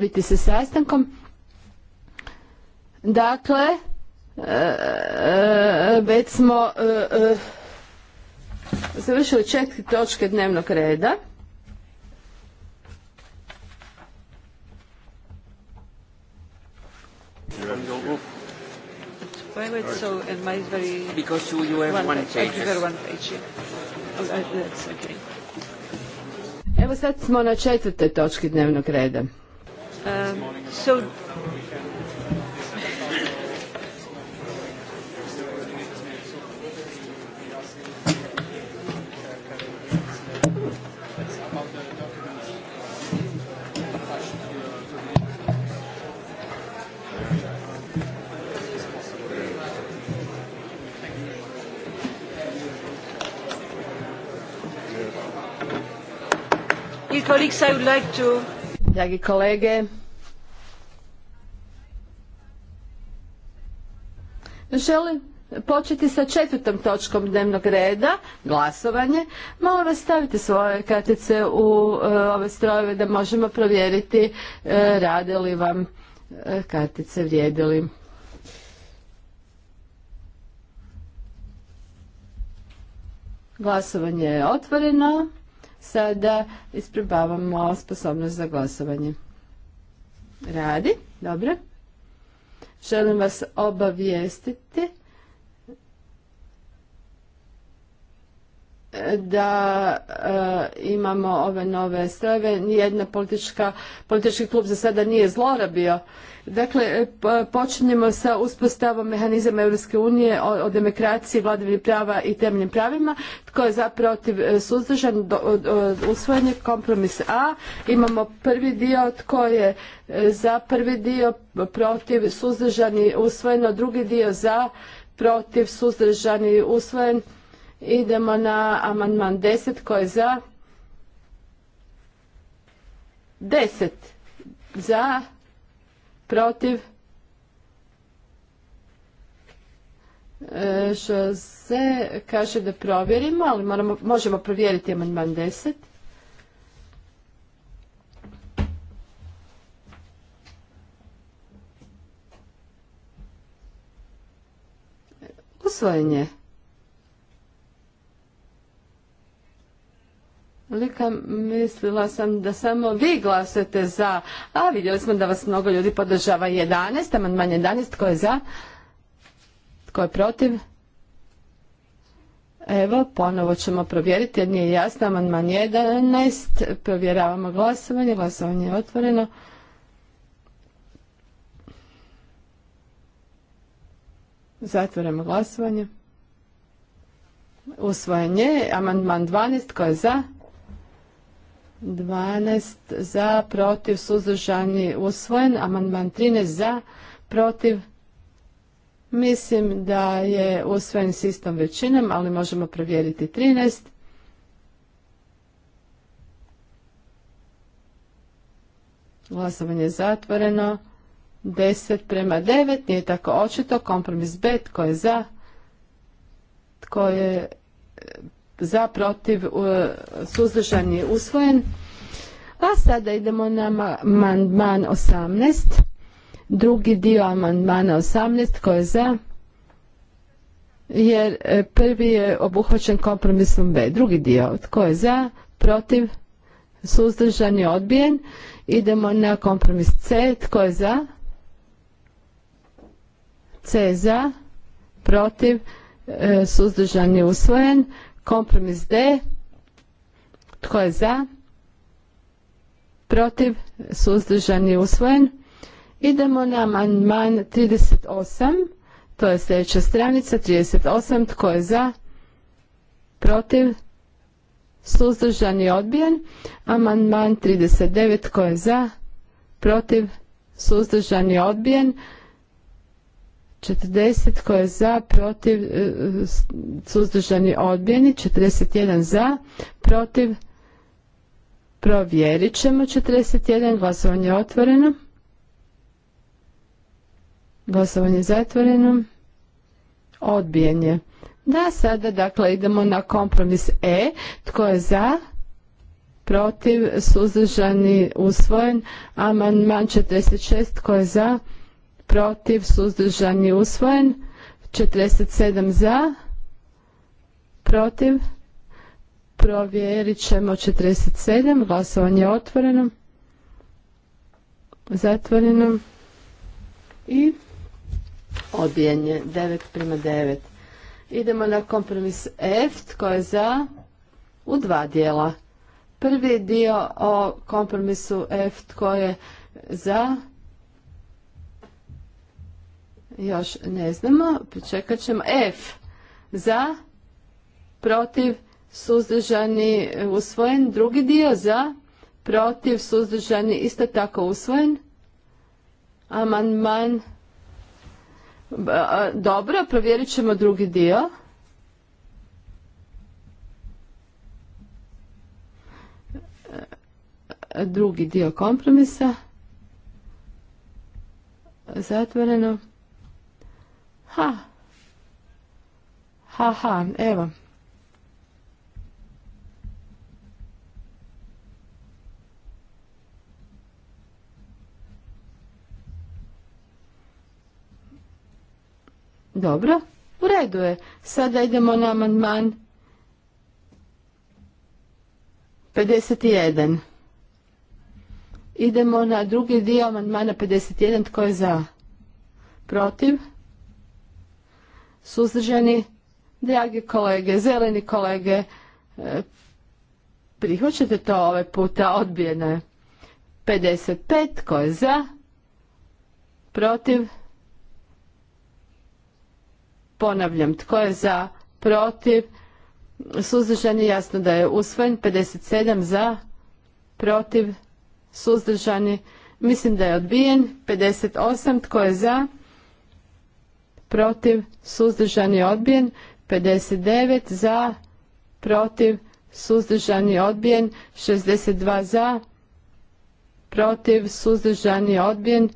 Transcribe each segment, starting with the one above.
biti sa sastankom. Dakle, e, e, već smo e, završili četiri točke dnevnog reda. Evo sad smo na četvrte točki dnevnog reda. Um, so Colleagues, I would like to dragi kolege. Želim početi sa četvrtom točkom dnevnog reda, glasovanje. Molim vas stavite svoje kartice u e, ove strojeve da možemo provjeriti e, rade li vam e, kartice, vrijedili Glasovanje je otvoreno sada isprobavamo sposobnost za glasovanje. Radi, dobro. Želim vas obavijestiti da e, imamo ove nove strojeve. Nijedna politička, politički klub za sada nije zlorabio. Dakle, e, počinjemo sa uspostavom mehanizama Europske unije o, o demokraciji, vladavini prava i temeljnim pravima. Tko je za protiv e, suzdržan, usvojen je kompromis A. Imamo prvi dio, tko je za prvi dio, protiv suzdržani, usvojeno, drugi dio za protiv suzdržani, usvojen Idemo na amandman 10. koji je za? 10. Za? Protiv? E, što se kaže da provjerimo, ali moramo, možemo provjeriti amandman 10. Usvojenje. Lika, mislila sam da samo vi glasujete za, a vidjeli smo da vas mnogo ljudi podržava 11, amandman 11, tko je za? Tko je protiv? Evo, ponovo ćemo provjeriti jer nije jasno, amandman 11, provjeravamo glasovanje, glasovanje je otvoreno. Zatvoramo glasovanje. Usvojenje, amandman 12, tko je za? 12 za, protiv, suzdržani, usvojen. Amandman 13 za, protiv. Mislim da je usvojen s istom većinom, ali možemo provjeriti 13. Glasovanje je zatvoreno. 10 prema 9, nije tako očito. Kompromis B, tko je za, tko je za protiv suzdržan je usvojen. A sada idemo na amandman 18. Drugi dio amandmana 18 koji je za jer e, prvi je obuhvaćen kompromisom B. Drugi dio tko je za, protiv, suzdržan je odbijen. Idemo na kompromis C. Tko je za? C je za, protiv, e, suzdržan je usvojen. Kompromis D. Tko je za? Protiv? Suzdržan je usvojen. Idemo na amandman 38. To je sljedeća stranica. 38. Tko je za? Protiv? Suzdržan i odbijen. Amandman 39. Tko je za? Protiv? Suzdržan je odbijen. 40 koje je za, protiv, e, suzdržani odbijeni, 41 za, protiv, provjerit ćemo 41, glasovanje je otvoreno, glasovanje je zatvoreno, odbijen je. Da, sada dakle idemo na kompromis E, tko je za, protiv, suzdržani, usvojen, amandman 46, tko je za, protiv, je usvojen. 47 za, protiv, provjerit ćemo 47, glasovanje je otvoreno, zatvoreno i odbijen je 9 prema 9. Idemo na kompromis F, tko je za, u dva dijela. Prvi dio o kompromisu F, tko je za, još ne znamo, počekat ćemo. F za, protiv, suzdržani, usvojen. Drugi dio za, protiv, suzdržani, isto tako usvojen. man. Dobro, provjerit ćemo drugi dio. Drugi dio kompromisa. Zatvoreno. Ha. Ha, ha, evo. Dobro, u redu je. Sada idemo na amandman 51. Idemo na drugi dio amandmana 51. Tko je za? Protiv? suzdržani, dragi kolege, zeleni kolege, e, prihvaćate to ove ovaj puta, odbijeno je. 55, tko je za, protiv, ponavljam, tko je za, protiv, suzdržani, jasno da je usvojen, 57 za, protiv, suzdržani, mislim da je odbijen, 58, tko je za, protiv, suzdržani odbijen, 59 za, protiv, suzdržani odbijen, 62 za, protiv, suzdržani odbijen,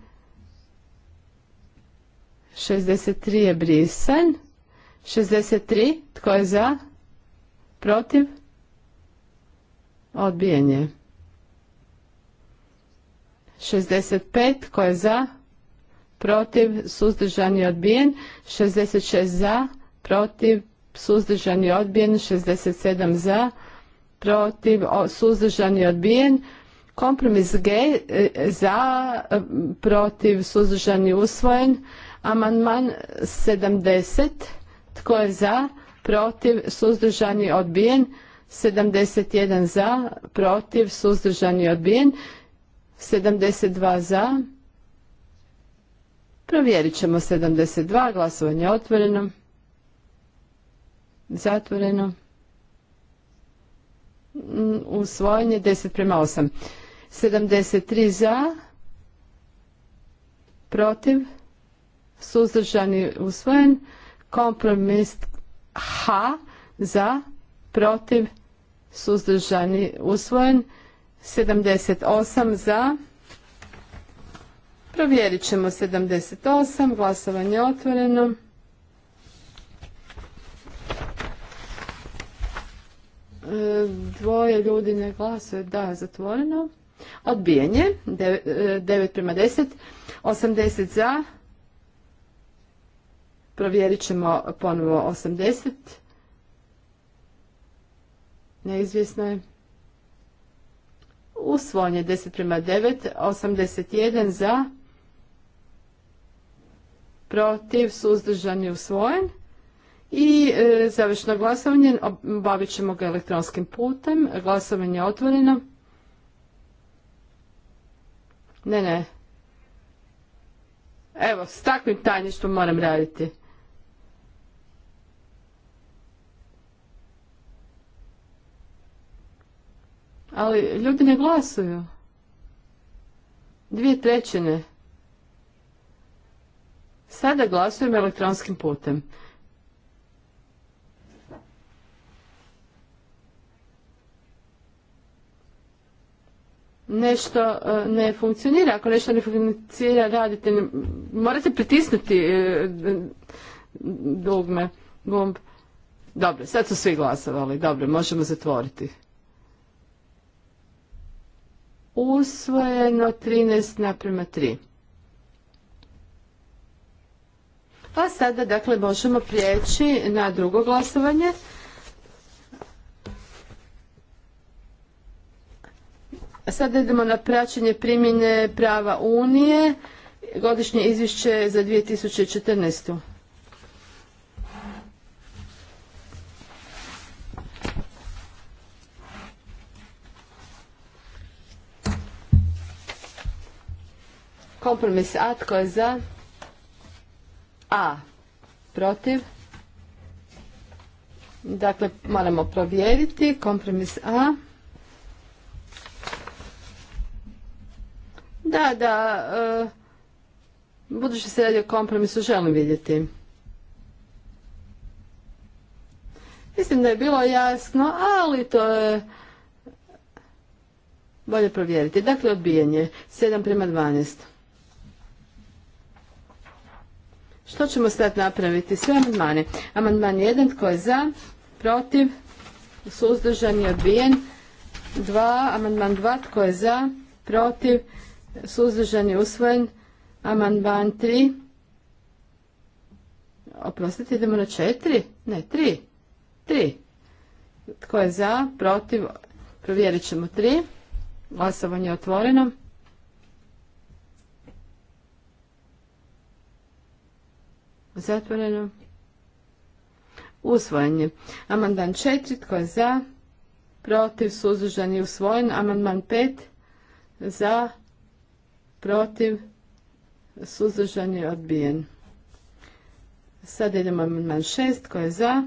63 je brisan, 63, tko je za, protiv, odbijen je. 65, tko je za, protiv, suzdržan i odbijen, 66 za, protiv, suzdržan i odbijen, 67 za, protiv, suzdržan i odbijen, kompromis G e, za, e, protiv, suzdržan i usvojen, amandman 70, tko je za, protiv, suzdržan i odbijen, 71 za, protiv, suzdržan i odbijen, 72 za, Provjerit ćemo 72, glasovanje otvoreno, zatvoreno, mm, usvojenje 10 prema 8. 73 za, protiv, suzdržani usvojen, kompromis H za, protiv, suzdržani usvojen, 78 za, Provjerit ćemo 78, glasovanje otvoreno. E, dvoje ljudi ne glasuje, da, zatvoreno. Odbijanje, 9 e, prema 10, 80 za, provjerit ćemo ponovo 80, neizvjesno je. Usvojen 10 prema 9, 81 za, protiv, suzdržani, usvojen. I e, završno glasovanje, obavit ćemo ga elektronskim putem. Glasovanje je otvoreno. Ne, ne. Evo, s takvim tajništvom moram raditi. Ali ljudi ne glasuju. Dvije trećine. Sada glasujem elektronskim putem. nešto e, ne funkcionira, ako nešto ne funkcionira, radite, morate pritisnuti e, dugme, gumb. Dobro, sad su svi glasovali, dobro, možemo zatvoriti. Usvojeno 13 naprema 3. Pa sada dakle možemo prijeći na drugo glasovanje. Sada idemo na praćenje primjene prava Unije, godišnje izvješće za 2014. Kompromis A, tko je za? A protiv. Dakle, moramo provjeriti. Kompromis A. Da, da, e, budući se radi o kompromisu, želim vidjeti. Mislim da je bilo jasno, ali to je bolje provjeriti. Dakle, odbijanje. 7 prema 12. Što ćemo sad napraviti? Sve amandmane. Amandman 1, tko je za, protiv, suzdržan i odbijen. 2, amandman 2, tko je za, protiv, suzdržan i usvojen. Amandman 3, oprostite, idemo na 4, ne, 3, 3. Tko je za, protiv, provjerit ćemo 3. Glasovanje je otvoreno. Zatvoreno. Usvojen Amandman četiri Tko je za? Protiv. Suzdržan je usvojen. Amandman pet Za. Protiv. Suzdržan je odbijen. sad idemo amandman šest Tko je za?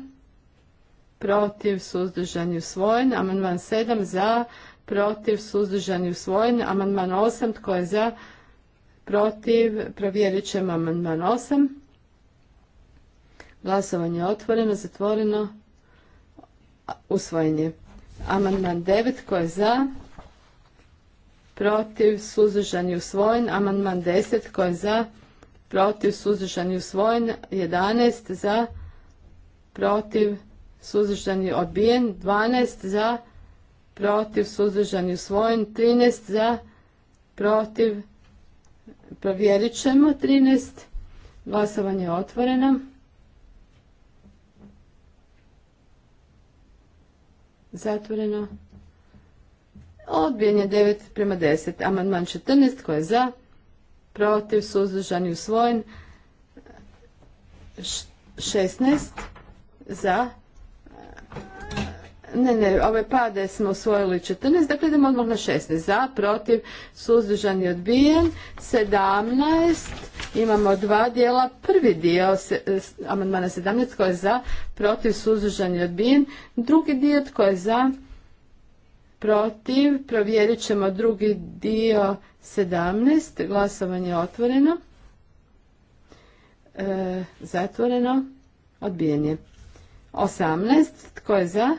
Protiv. Suzdržan je usvojen. Amandman sedam Za. Protiv. Suzdržan je usvojen. Amandman osam Tko je za? Protiv. Provjerit ćemo amandman osam Glasovanje je otvoreno, zatvoreno, usvojen je Amandman 9, ko je za? Protiv, suzdržan i usvojen. Amandman 10, ko je za? Protiv, suzdržan i usvojen. 11, za? Protiv, suzdržan i odbijen. 12, za? Protiv, suzdržan i usvojen. 13, za? Protiv, provjerit ćemo. 13, glasovanje je otvoreno. Zatvoreno. Odbijen je 9 prema 10. Amandman 14 koji je za, protiv, suzdržan i usvojen. 16 za. Ne, ne, ove pade smo usvojili 14, dakle idemo odmah na 16. Za, protiv, suzdržan i odbijen. 17 Imamo dva dijela. Prvi dio e, amandmana 17 tko je za, protiv, suzdržan i odbijen. Drugi dio tko je za, protiv. Provjerit ćemo drugi dio 17. Glasovanje otvoreno. E, zatvoreno. Odbijen je. 18. Tko je za?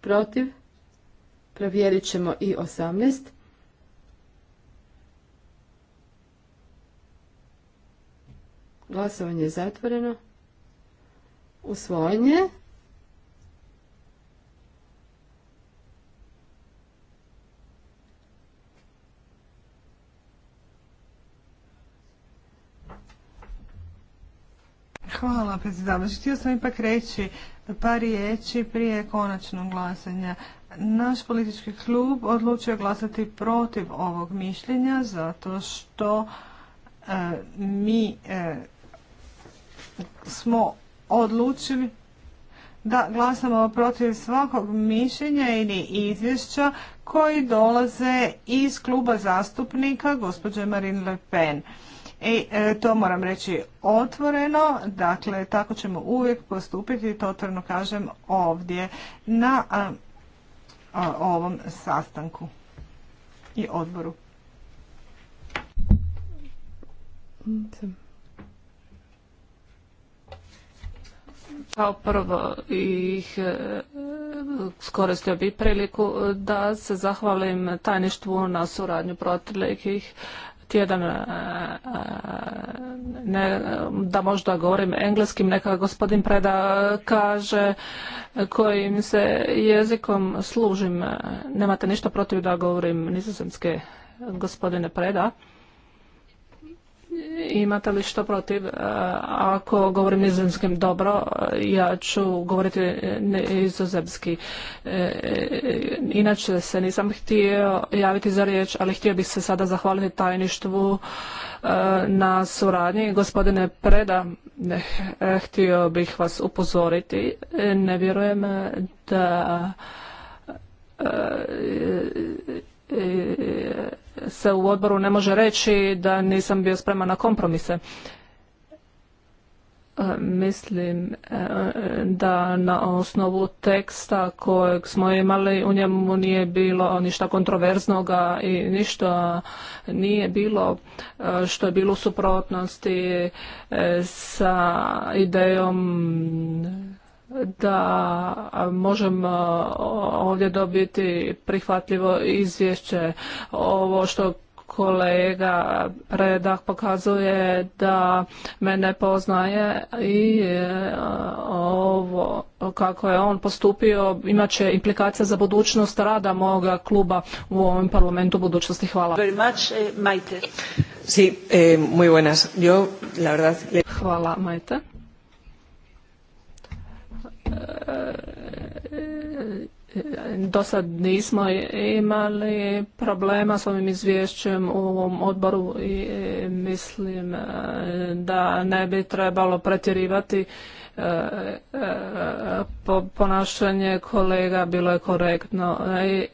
Protiv? Provjerit ćemo i 18. Glasovanje je zatvoreno. Usvojenje. Hvala predsjedavajući. Htio sam ipak reći par riječi prije konačnog glasanja. Naš politički klub odlučio glasati protiv ovog mišljenja zato što e, mi e, smo odlučili da glasamo protiv svakog mišljenja ili izvješća koji dolaze iz kluba zastupnika gospođe Marine Le Pen. I e, to moram reći otvoreno, dakle tako ćemo uvijek postupiti, to otvoreno kažem ovdje na ovom sastanku i odboru. Kao prvo ih e, skoristio bi priliku da se zahvalim tajništvu na suradnju proteklih tjedan e, e, ne, da možda govorim engleskim, neka gospodin Preda kaže kojim se jezikom služim. Nemate ništa protiv da govorim nizozemske gospodine Preda. Imate li što protiv? E, ako govorim nizozemskim dobro, e, ja ću govoriti e, nizozemski. Inače se nisam htio javiti za riječ, ali htio bih se sada zahvaliti tajništvu na suradnji. Gospodine Preda, htio bih vas upozoriti. Ne vjerujem da se u odboru ne može reći da nisam bio spreman na kompromise. E, mislim e, da na osnovu teksta kojeg smo imali u njemu nije bilo ništa kontroverznoga i ništa nije bilo e, što je bilo u suprotnosti sa idejom da možemo e, ovdje dobiti prihvatljivo izvješće. Ovo što kolega predah pokazuje da mene poznaje i e, ovo kako je on postupio imat će implikacija za budućnost rada moga kluba u ovom parlamentu budućnosti. Hvala. Hvala Majte do sad nismo imali problema s ovim izvješćem u ovom odboru i e, mislim e, da ne bi trebalo pretjerivati e, ponašanje kolega bilo je korektno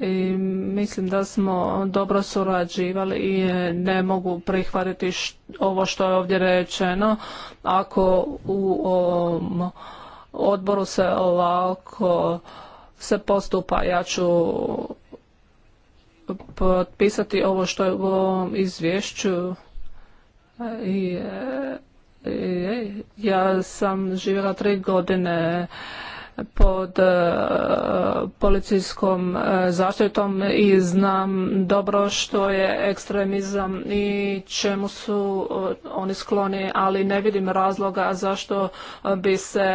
i mislim da smo dobro surađivali i ne mogu prihvatiti ovo što je ovdje rečeno ako u ovom odboru se ovako se postupa. Ja ću potpisati ovo što je u ovom izvješću. I, e, e, ja sam živjela tri godine pod e, policijskom e, zaštitom i znam dobro što je ekstremizam i čemu su e, oni skloni, ali ne vidim razloga zašto bi se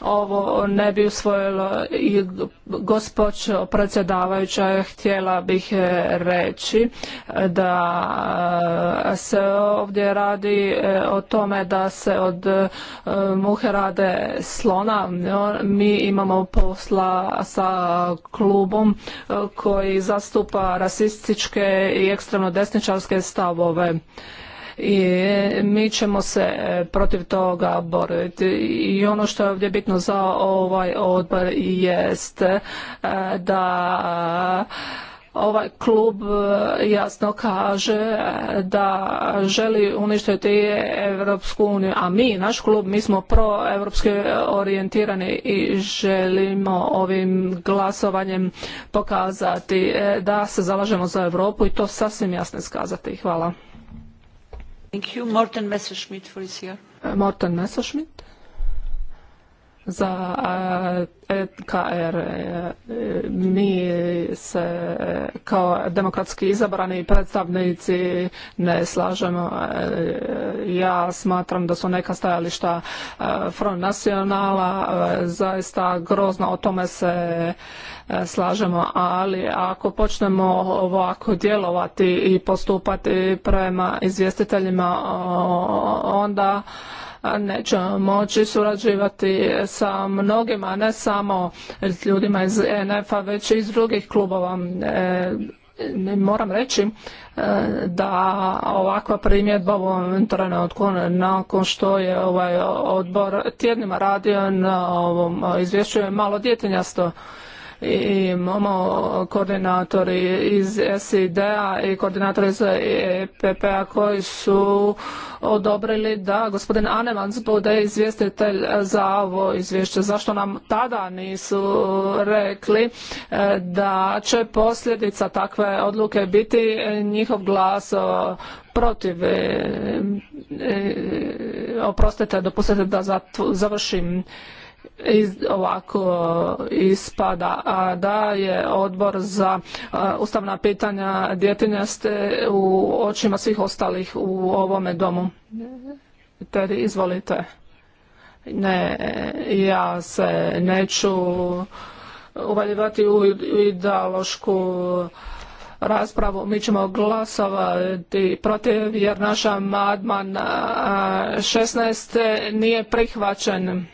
ovo ne bi usvojilo i gospođo predsjedavajuća htjela bih e, reći da e, se ovdje radi e, o tome da se od muhe rade slona mi imamo posla sa klubom koji zastupa rasističke i ekstremno desničarske stavove i e, mi ćemo se e, protiv toga boriti. I ono što je ovdje bitno za ovaj odbor jest e, da ovaj klub jasno kaže da želi uništiti Evropsku uniju, a mi, naš klub, mi smo proevropski orijentirani i želimo ovim glasovanjem pokazati da se zalažemo za Europu i to sasvim jasno skazati. Hvala. Thank you, Morten Messerschmidt for his za e, KR. Mi e, se e, kao demokratski izabrani predstavnici ne slažemo. Ja smatram da su neka stajališta Front Nacionala zaista grozna, o tome se slažemo, ali ako počnemo ovako djelovati i postupati prema izvjestiteljima, onda nećemo moći surađivati sa mnogima, ne samo s ljudima iz NF-a, već i iz drugih klubova. E, moram reći e, da ovakva primjedba u ovom trenutku nakon što je ovaj odbor tjednima radio na ovom izvješću je malo djetinjasto imamo koordinatori iz SID-a i koordinatori iz EPP-a koji su odobrili da gospodin Anemans bude izvjestitelj za ovo izvješće. Zašto nam tada nisu rekli e, da će posljedica takve odluke biti njihov glas protiv e, e, oprostite dopustite da završim iz, ovako ispada a da je odbor za ustavna pitanja djetinja ste u očima svih ostalih u ovome domu. Teri, izvolite. Ne, ja se neću uvaljivati u ideološku raspravu. Mi ćemo glasovati protiv jer naša madman 16 nije prihvaćen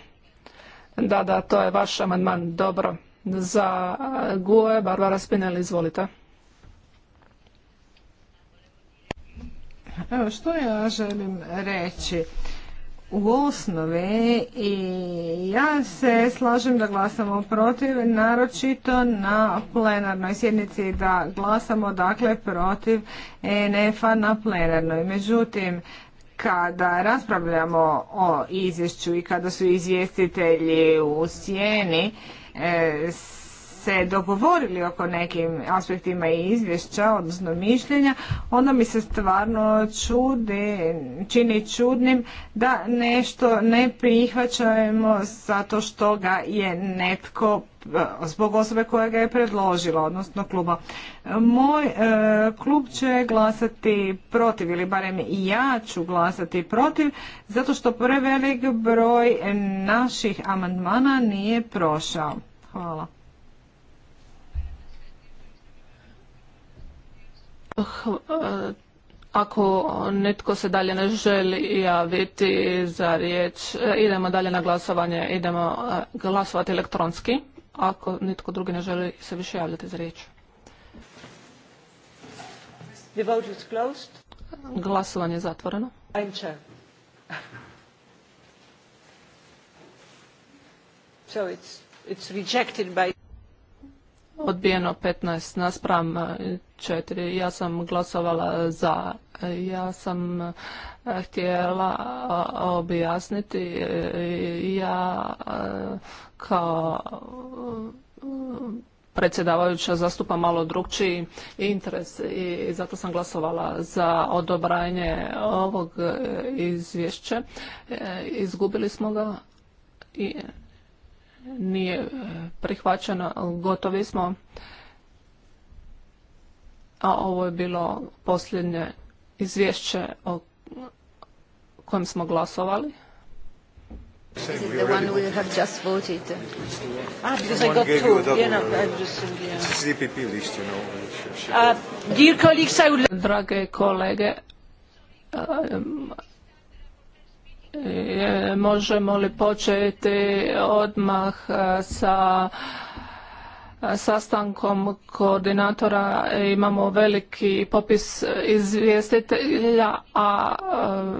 da, da, to je vaš amandman. Dobro. Za eh, GUE, Barbara Spinelli, izvolite. Evo što ja želim reći. U osnovi i ja se slažem da glasamo protiv, naročito na plenarnoj sjednici da glasamo dakle protiv e NF-a na plenarnoj. Međutim, kada raspravljamo o izvješću i kada su izvjestitelji u sjeni s e, se dogovorili oko nekim aspektima i izvješća, odnosno mišljenja, onda mi se stvarno čude, čini čudnim da nešto ne prihvaćamo zato što ga je netko zbog osobe koja ga je predložila, odnosno kluba. Moj e, klub će glasati protiv ili barem i ja ću glasati protiv zato što prevelik broj naših amandmana nije prošao. Hvala. Ako nitko se dalje ne želi javiti za riječ, e, idemo dalje na glasovanje, idemo e, glasovati elektronski, ako nitko drugi ne želi se više javljati za riječ. The vote closed. Glasovanje je zatvoreno odbijeno 15 naspram 4. E, ja sam glasovala za. Ja sam e, htjela e, objasniti. Ja kao predsjedavajuća zastupa malo drugčiji interes i zato sam glasovala za odobranje ovog izvješća. Izgubili smo ga i nije e, prihvaćeno, gotovi smo. A ovo je bilo posljednje izvješće o kojem smo glasovali. Drage kolege, uh, možemo li početi odmah e, sa e, sastankom koordinatora e, imamo veliki popis izvjestitelja, a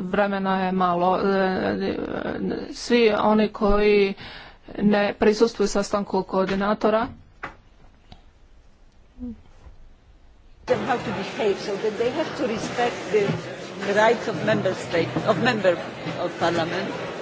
vremena je malo. Svi oni koji ne prisustuju sastanku koordinatora rights of member states of member of parliament